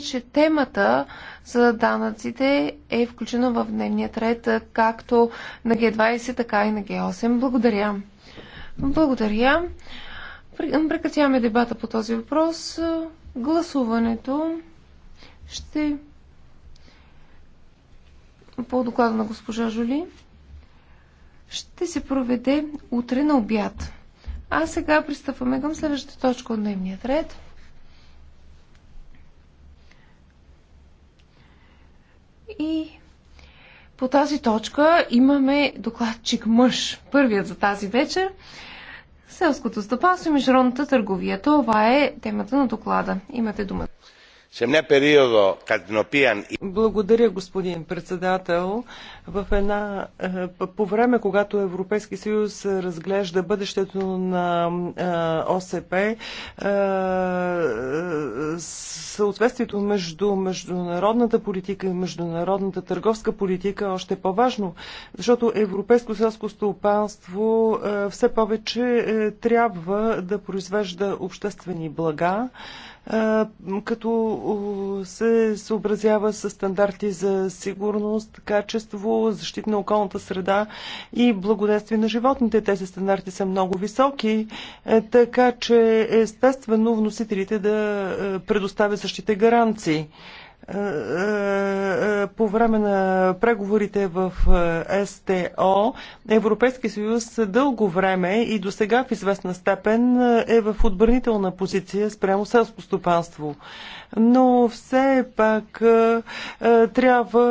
че темата за данъците е включена в дневният ред както на Г20, така и на Г8. Благодаря. Благодаря. Прекратяваме дебата по този въпрос. Гласуването ще по доклада на госпожа Жули, ще се проведе утре на обяд. А сега пристъпваме към следващата точка от дневния ред. И по тази точка имаме докладчик мъж, първият за тази вечер. Селското стопанство и международната търговия. Това е темата на доклада. Имате думата. Благодаря, господин председател. В една, е, по време, когато Европейски съюз разглежда бъдещето на е, ОСП, е, съответствието между международната политика и международната търговска политика е още по-важно, защото европейско селско стопанство все повече трябва да произвежда обществени блага, като се съобразява с стандарти за сигурност, качество, защита на околната среда и благодействие на животните. Тези стандарти са много високи, е, така че естествено вносителите да е, предоставят същите гаранции. Е, е, е, по време на преговорите в СТО Европейския съюз дълго време и до сега в известна степен е в отбранителна позиция спрямо селско стопанство. Но все пак трябва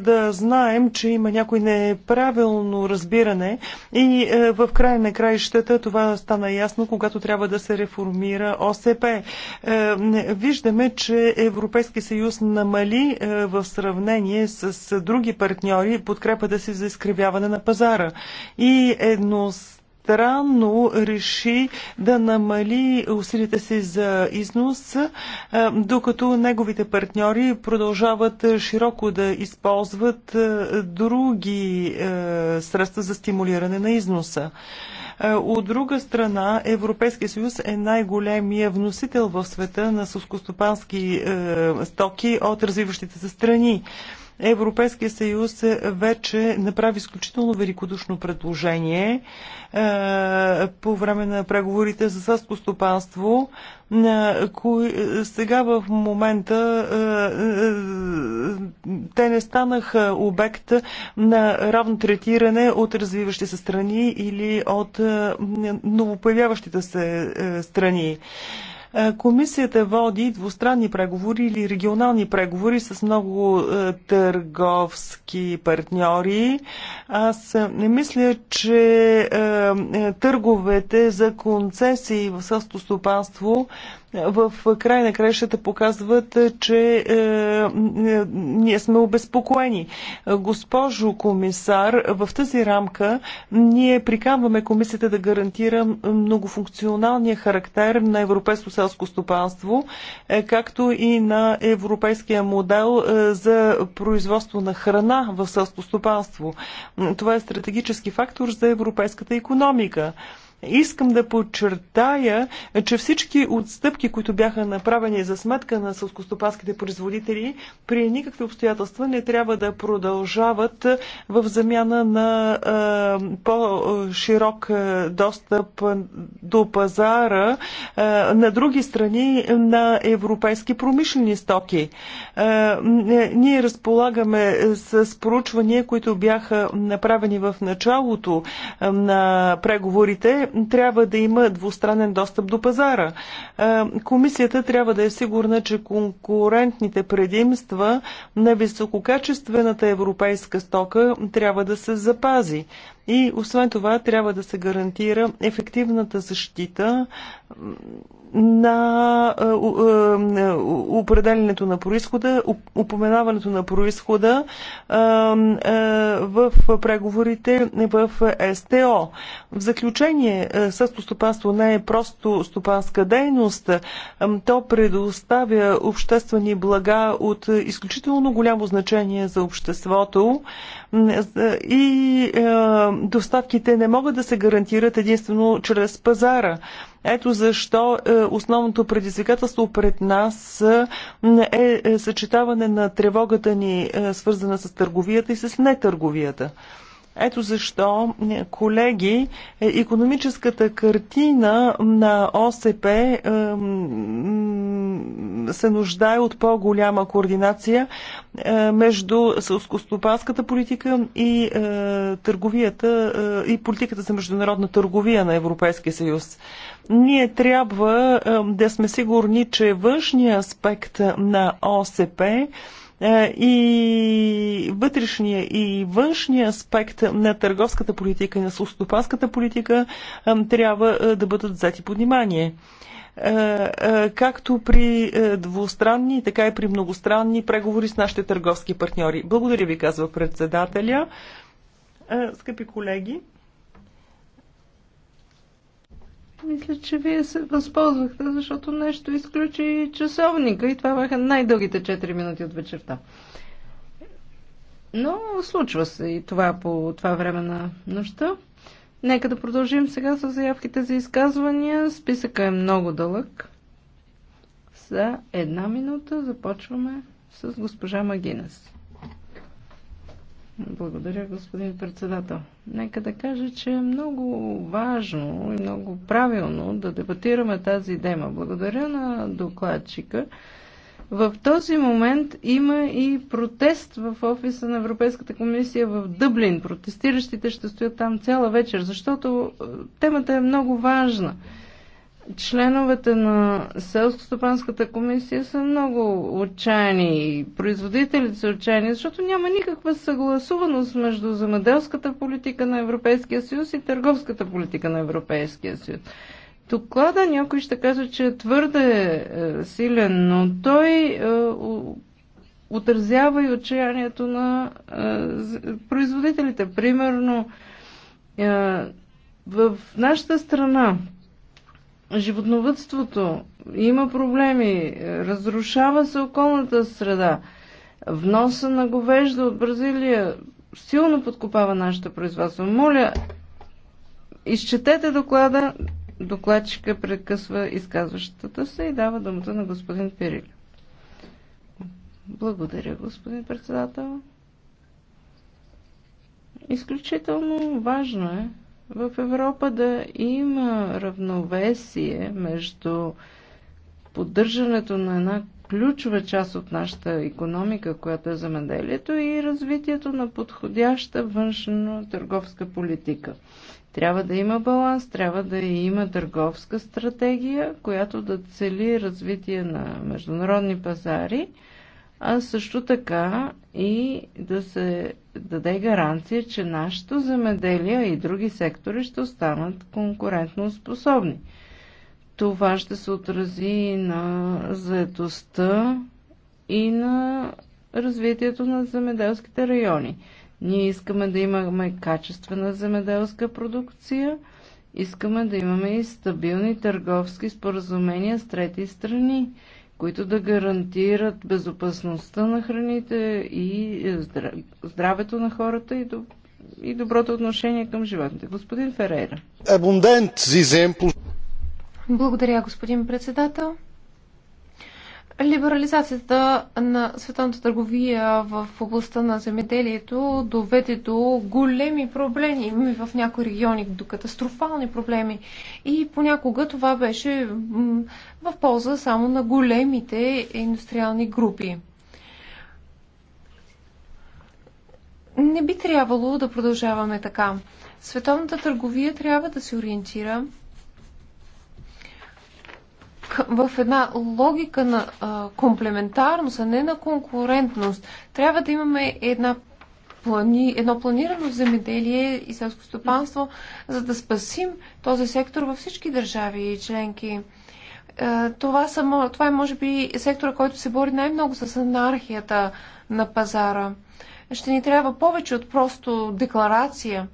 да знаем, че има някой неправилно разбиране и в край на краищата това стана ясно, когато трябва да се реформира ОСП. Виждаме, че Европейски съюз съюз намали е, в сравнение с други партньори подкрепата си за изкривяване на пазара. И едно странно реши да намали усилите си за износ, е, докато неговите партньори продължават широко да използват е, други средства за стимулиране на износа. Е, от друга страна, Европейския съюз е най-големия вносител в света на сускостопански е, стоки от развиващите се страни. Европейския съюз вече направи изключително великодушно предложение е, по време на преговорите за съско стопанство. Е, сега в момента е, те не станаха обект на равно третиране от развиващи се страни или от новопоявяващите се страни. Е, комисията води двустранни преговори или регионални преговори с много е, търговски партньори. Аз не мисля, че е, търговете за концесии в състоступанство стопанство в край на краищата показват, е, че е, е, ние сме обезпокоени. Госпожо комисар, в тази рамка ние приканваме комисията да гарантира многофункционалния характер на европейско селско стопанство, е, както и на европейския модел е, за производство на храна в селско стопанство. Това е стратегически фактор за европейската економика. Искам да подчертая, че всички отстъпки, които бяха направени за сметка на сълскостопанските производители, при никакви обстоятелства не трябва да продължават в замяна на по-широк достъп до пазара на други страни на европейски промишлени стоки. Ние разполагаме с проучвания, които бяха направени в началото на преговорите трябва да има двустранен достъп до пазара. Е, комисията трябва да е сигурна, че конкурентните предимства на висококачествената европейска стока трябва да се запази. И освен това трябва да се гарантира ефективната защита на е, е, определенето на происхода, упоменаването на происхода е, в преговорите в СТО. В заключение, състо стопанство не е просто стопанска дейност. То предоставя обществени блага от изключително голямо значение за обществото и е, доставките не могат да се гарантират единствено чрез пазара. Ето защо е, основното предизвикателство пред нас е, е съчетаване на тревогата ни, свързана с търговията и с нетърговията. Ето защо, е, колеги, е, економическата картина на ОСП е, се нуждае от по-голяма координация между сълскостопанската политика и търговията и политиката за международна търговия на Европейския съюз. Ние трябва да сме сигурни, че външния аспект на ОСП е, и вътрешния и външния аспект на търговската политика и на сустопанската политика трябва е, да бъдат взети под внимание е, както при двустранни, така и при многостранни преговори с нашите търговски партньори. Благодаря ви, казва председателя. Скъпи колеги, Мисля, че вие се възползвахте, защото нещо изключи часовника и това бяха най-дългите 4 минути от вечерта. Но случва се и това по това време на нощта. Нека да продължим сега с заявките за изказвания. Списъка е много дълъг. За една минута започваме с госпожа Магинес. Благодаря, господин председател. Нека да кажа, че е много важно и много правилно да дебатираме тази тема. Благодаря на докладчика. В този момент има и протест в офиса на Европейската комисия в Дъблин. Протестиращите ще стоят там цяла вечер, защото е, темата е много важна членовете на Селско-стопанската комисия са много отчаяни и производителите са отчаяни, защото няма никаква съгласуваност между земеделската политика на Европейския съюз и търговската политика на Европейския съюз. Доклада някой ще каже, че е твърде е, силен, но той е, отразява и отчаянието на е, производителите. Примерно, е, в нашата страна животновътството има проблеми, разрушава се околната среда. Вноса на говежда от Бразилия силно подкопава нашето производство. Моля, изчетете доклада. Докладчика прекъсва изказващата се и дава думата на господин Пирил. Благодаря, господин председател. Изключително важно е в Европа да има равновесие между поддържането на една ключова част от нашата економика, която е замеделието и развитието на подходяща външно-търговска политика. Трябва да има баланс, трябва да има търговска стратегия, която да цели развитие на международни пазари, а също така и да се даде гаранция, че нашето земеделие и други сектори ще останат конкурентно способни. Това ще се отрази и на заедостта и на развитието на земеделските райони. Ние искаме да имаме качествена земеделска продукция, искаме да имаме и стабилни търговски споразумения с трети страни които да гарантират безопасността на храните и е, здравето на хората и, до, и доброто отношение към животните. Господин Ферейра. Благодаря, господин председател. Либерализацията на световната търговия в областта на земеделието доведе до големи проблеми в някои региони, до катастрофални проблеми. И понякога това беше в полза само на големите индустриални групи. Не би трябвало да продължаваме така. Световната търговия трябва да се ориентира в една логика на а, комплементарност, а не на конкурентност. Трябва да имаме една плани, едно планирано земеделие и селско стопанство, за да спасим този сектор във всички държави и членки. Това, са, това е, може би, сектора, който се бори най-много с анархията на пазара. Ще ни трябва повече от просто декларация.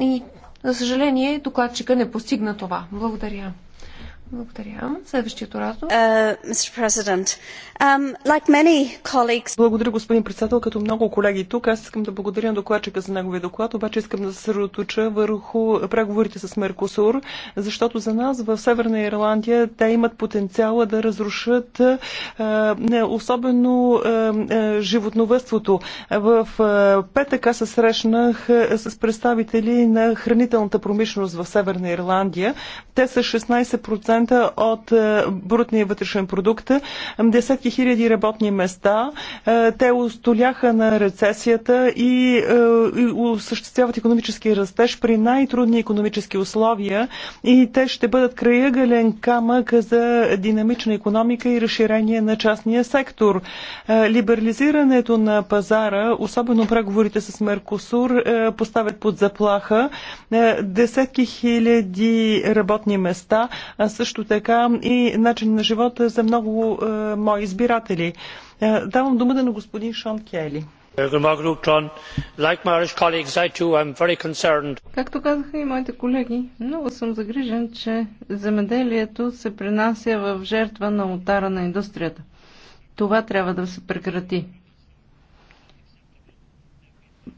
И, за съжаление, докладчика не постигна това. Благодаря. Благодаря. Следващият оратор. Uh, um, like colleagues... Благодаря, господин председател. Като много колеги тук, аз искам да благодаря на докладчика за неговия доклад, обаче искам да се съсредоточа върху преговорите с Меркосур, защото за нас в Северна Ирландия те имат потенциала да разрушат особено животновътството. В петък аз се срещнах с представители на хранителната промишленост в Северна Ирландия. Те са 16% 10% от е, брутния вътрешен продукт, десетки хиляди работни места. Е, те устоляха на рецесията е, и осъществяват економически растеж при най-трудни економически условия и те ще бъдат краягален камък за динамична економика и разширение на частния сектор. Либерализирането на пазара, особено преговорите с Меркосур, поставят под заплаха десетки хиляди работни места, а също също така и начин на живота за много е, мои избиратели. Е, давам думата на господин Шон Кели. Както казаха и моите колеги, много съм загрижен, че земеделието се принася в жертва на отара на индустрията. Това трябва да се прекрати.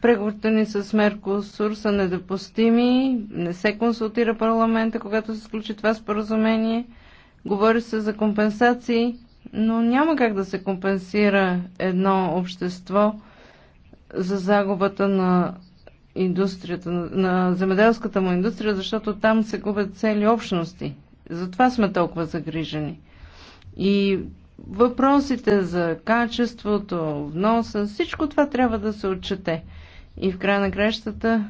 Преговорите ни с Меркосур са недопустими, не се консултира парламента, когато се сключи това споразумение. Говори се за компенсации, но няма как да се компенсира едно общество за загубата на индустрията, на земеделската му индустрия, защото там се губят цели общности. Затова сме толкова загрижени. И въпросите за качеството, вноса, всичко това трябва да се отчете. И в края на кращата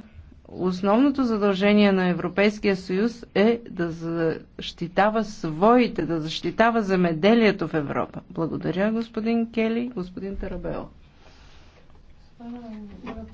основното задължение на Европейския съюз е да защитава своите, да защитава земеделието в Европа. Благодаря, господин Кели, господин Тарабел.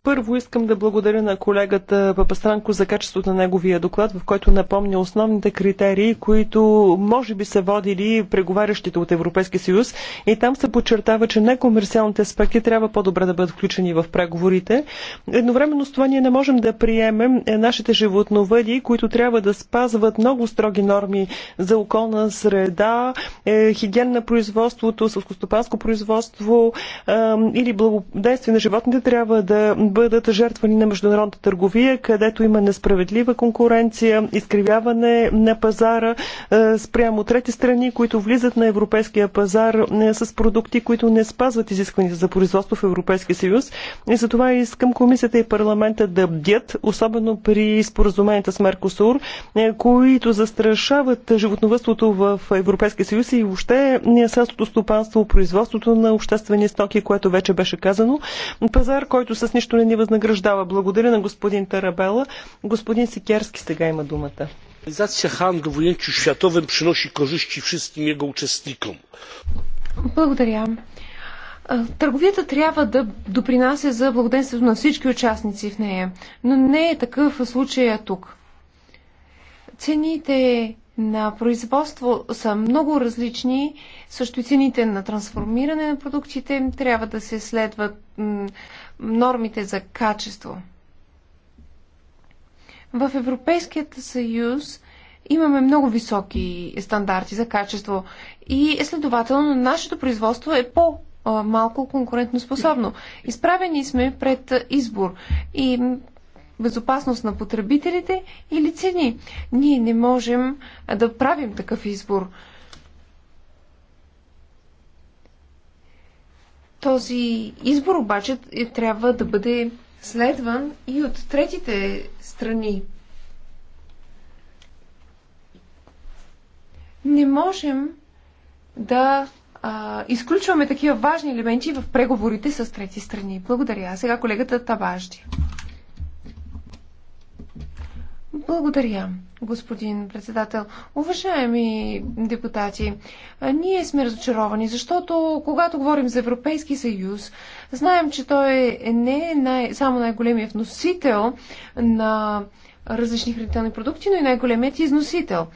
Първо искам да благодаря на колегата Папастранко за качеството на неговия доклад, в който напомня основните критерии, които може би са водили преговарящите от Европейския съюз и там се подчертава, че некомерциалните аспекти трябва по-добре да бъдат включени в преговорите. Едновременно с това ние не можем да приемем нашите животновъди, които трябва да спазват много строги норми за околна среда, е, хигиен на производството, сълскостопанско производство е, или благодействие на животните да трябва да бъдат жертвани на международната търговия, където има несправедлива конкуренция, изкривяване на пазара е, спрямо трети страни, които влизат на европейския пазар е, с продукти, които не спазват изискванията за производство в Европейския съюз. И затова искам комисията и парламента да бдят, особено при споразуменията с Меркосур, е, които застрашават животновътството в Европейския съюз и въобще селското стопанство, производството на обществени стоки, което вече беше казано пазар, който с нищо не ни възнаграждава. Благодаря на господин Тарабела. Господин Сикерски сега има думата. Организация Хандо w ujęciu приноши кожищи всички wszystkim участникам. Благодаря. Търговията трябва да допринася за благоденствието на всички участници в нея, но не е такъв случай тук. Цените на производство са много различни, също и цените на трансформиране на продуктите трябва да се следват нормите за качество. В Европейският съюз имаме много високи стандарти за качество и следователно нашето производство е по- малко конкурентно способно. Изправени сме пред избор и безопасност на потребителите или цени. Ние не можем да правим такъв избор. Този избор обаче е, трябва да бъде следван и от третите страни. Не можем да а, изключваме такива важни елементи в преговорите с трети страни. Благодаря. А сега колегата Табажди. Благодаря, господин председател. Уважаеми депутати, ние сме разочаровани, защото когато говорим за Европейски съюз, знаем, че той е, е не е най- само най-големият вносител на различни хранителни продукти, но и най-големият износител.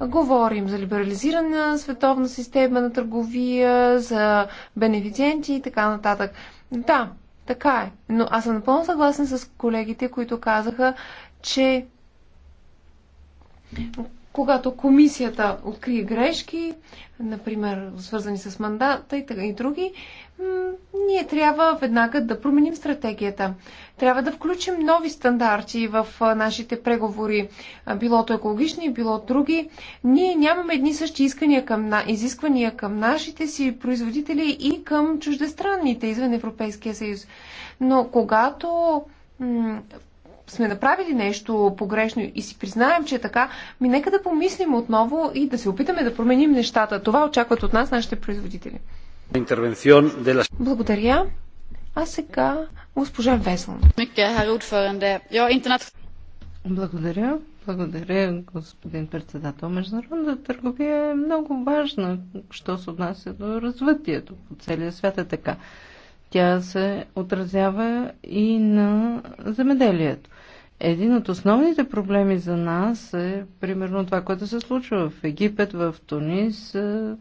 Говорим за либерализирана световна система на търговия, за бенефициенти и така нататък. Да, така е. Но аз съм напълно съгласен с колегите, които казаха, че когато комисията открие грешки, например, свързани с мандата и, и други, ние трябва веднага да променим стратегията. Трябва да включим нови стандарти в нашите преговори, било то екологични, било други. Ние нямаме едни същи искания към, изисквания към нашите си производители и към чуждестранните извън Европейския съюз. Но когато сме направили нещо погрешно и си признаем, че е така, ми нека да помислим отново и да се опитаме да променим нещата. Това очакват от нас нашите производители. Благодаря. А сега госпожа Веслан. Благодаря. Благодаря, господин председател. Международната търговия е много важна, що се отнася до развитието по целия свят е така. Тя се отразява и на земеделието. Един от основните проблеми за нас е примерно това, което се случва в Египет, в Тунис, е,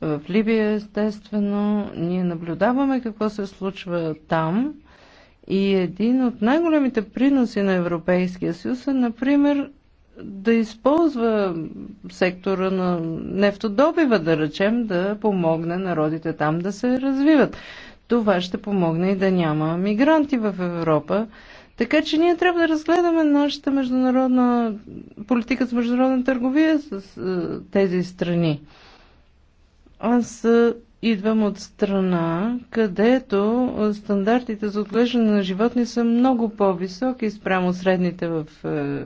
в Либия, естествено. Ние наблюдаваме какво се случва там. И един от най-големите приноси на Европейския съюз е, например, да използва сектора на нефтодобива, да речем, да помогне народите там да се развиват. Това ще помогне и да няма мигранти в Европа. Така че ние трябва да разгледаме нашата международна политика с международна търговия с с е, тези страни. Аз е, идвам от страна, където стандартите за отглеждане на животни са много по-високи спрямо средните в е,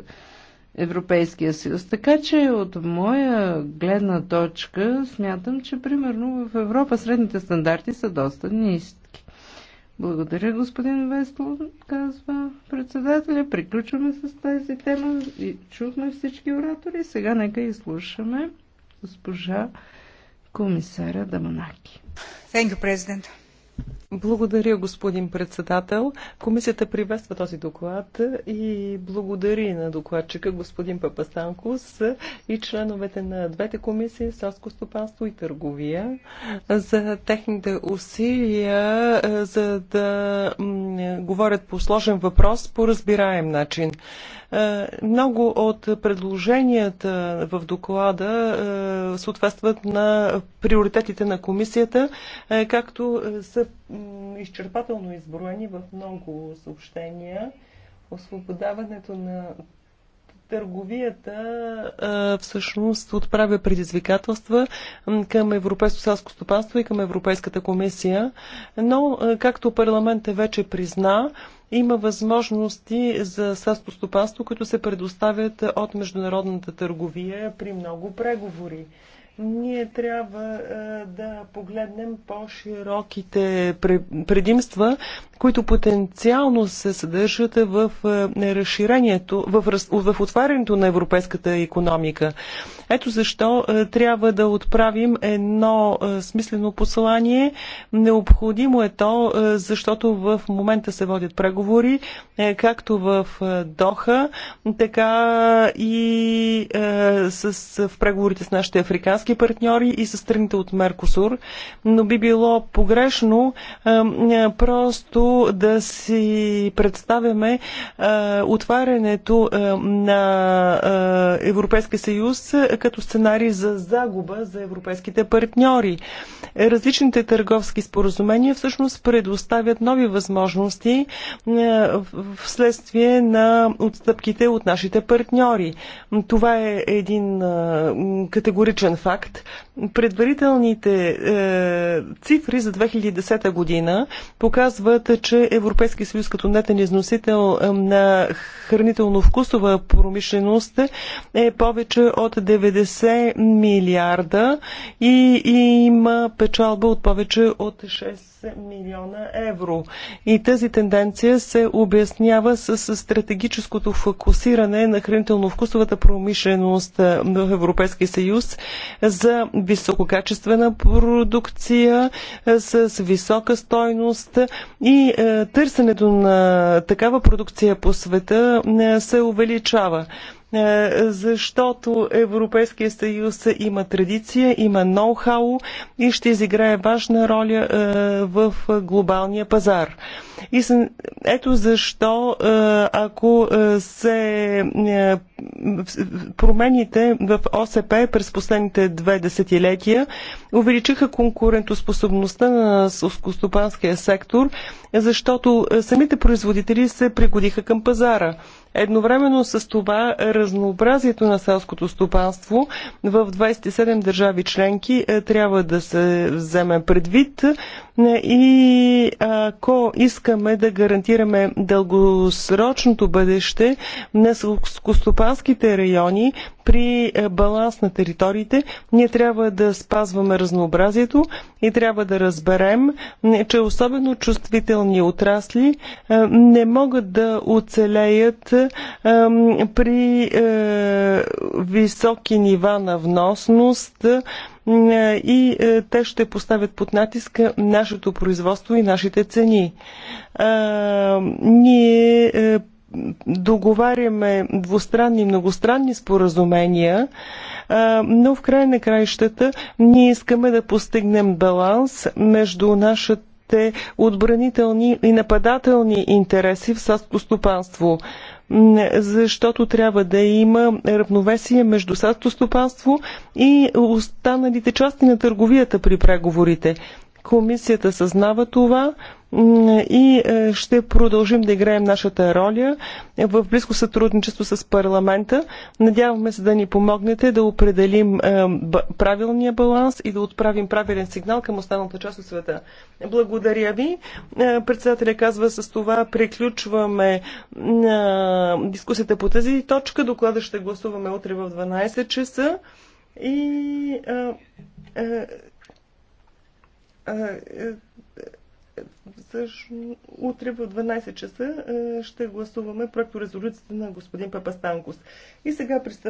Европейския съюз. Така че от моя гледна точка смятам, че примерно в Европа средните стандарти са доста ниски. Благодаря, господин Весло, казва председателя. Приключваме с тази тема и чухме всички оратори. Сега нека изслушаме госпожа комисаря Даманаки. Thank you, President. Благодаря, господин председател. Комисията приветства този доклад и благодари на докладчика господин Папастанкос и членовете на двете комисии Селско стопанство и търговия за техните усилия за да говорят по сложен въпрос по разбираем начин. Е, много от предложенията в доклада е, съответстват на приоритетите на комисията, е, както са изчерпателно изброени в много съобщения. Освободаването на търговията всъщност отправя предизвикателства към Европейско селско стопанство и към Европейската комисия, но както парламентът вече призна, има възможности за селско стопанство, които се предоставят от международната търговия при много преговори ние трябва е, да погледнем по-широките предимства, които потенциално се съдържат в е, разширението, в, в отварянето на европейската економика. Ето защо е, трябва да отправим едно е, смислено послание. Необходимо е то, е, защото в момента се водят преговори, както в Доха, така и с, в преговорите с нашите африкански партньори и с страните от Меркосур. Но би било погрешно просто да си представяме отварянето на Европейския съюз като сценарий за загуба за европейските партньори. Различните търговски споразумения всъщност предоставят нови възможности е, вследствие на отстъпките от нашите партньори. Това е един е, категоричен факт. Предварителните е, цифри за 2010 година показват, че Европейски съюз като нетен износител на хранително-вкусова промишленост е повече от 90%. 90 милиарда и, и има печалба от повече от 6 милиона евро. И тази тенденция се обяснява с, стратегическото фокусиране на хранително-вкусовата промишленост е, в Европейския съюз за висококачествена продукция е, с висока стойност и е, търсенето на такава продукция по света е, се увеличава. Е, защото Европейския съюз има традиция, има ноу-хау и ще изиграе важна роля е, в глобалния пазар. И ето защо, е, ако се промените в ОСП през последните две десетилетия увеличиха конкурентоспособността на сълскостопанския сектор, защото самите производители се пригодиха към пазара. Едновременно с това разнообразието на селското стопанство в 27 държави членки е, трябва да се вземе предвид е, и ако искаме да гарантираме дългосрочното бъдеще на селскостопанските райони при е, баланс на териториите, ние трябва да спазваме разнообразието и трябва да разберем, че особено чувствителни отрасли не могат да оцелеят при е, високи нива на вносност е, и е, те ще поставят под натиск нашето производство и нашите цени. Ние договаряме двустранни и многостранни споразумения, но в край на краищата ние искаме да постигнем баланс между нашите отбранителни и нападателни интереси в селското стопанство защото трябва да има равновесие между садто стопанство и останалите части на търговията при преговорите. Комисията съзнава това, и е, ще продължим да играем нашата роля в близко сътрудничество с парламента. Надяваме се да ни помогнете да определим е, правилния баланс и да отправим правилен сигнал към останалата част от света. Благодаря ви. Е, председателя казва с това приключваме дискусията по тази точка. Доклада ще гласуваме утре в 12 часа. И а, а, а, утре в 12 часа е, ще гласуваме проекторезолюцията на господин Папастанкос. И сега пристъпваме